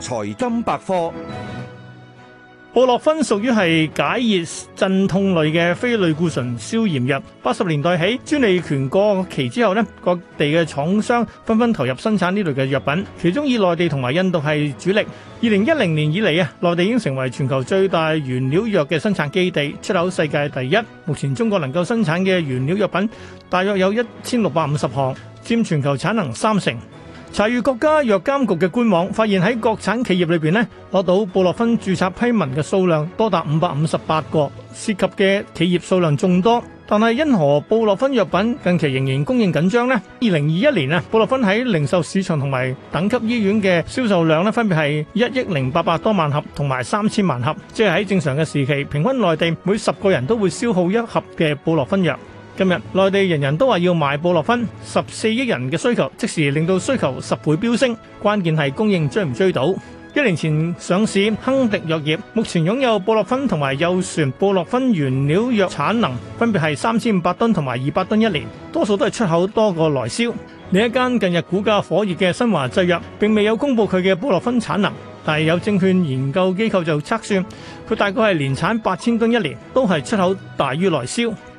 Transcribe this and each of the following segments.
財金百科，布洛芬屬於係解熱鎮痛類嘅非類固醇消炎藥。八十年代起，專利權過期之後呢，各地嘅廠商紛紛投入生產呢類嘅藥品。其中以內地同埋印度係主力。二零一零年以嚟啊，內地已經成為全球最大原料藥嘅生產基地，出口世界第一。目前中國能夠生產嘅原料藥品大約有一千六百五十項，佔全球產能三成。查閱國家藥監局嘅官網，發現喺國產企業裏邊呢，攞到布洛芬註冊批文嘅數量多達五百五十八個，涉及嘅企業數量眾多。但係因何布洛芬藥品近期仍然供應緊張呢？二零二一年啊，布洛芬喺零售市場同埋等級醫院嘅銷售量呢，分別係一億零八百多萬盒同埋三千萬盒，即係喺正常嘅時期，平均內地每十個人都會消耗一盒嘅布洛芬藥。今日內地人人都話要買布洛芬，十四億人嘅需求即時令到需求十倍飆升，關鍵係供應追唔追到。一年前上市亨迪藥業，業，目前擁有布洛芬同埋右旋布洛芬原料藥產能，分別係三千五百噸同埋二百噸一年，多數都係出口多過內銷。另一間近日股價火熱嘅新華製藥，並未有公布佢嘅布洛芬產能，但係有證券研究機構就測算，佢大概係年產八千噸一年，都係出口大於來銷。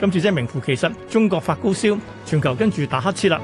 今次真係名副其實，中國發高燒，全球跟住打乞嗤啦。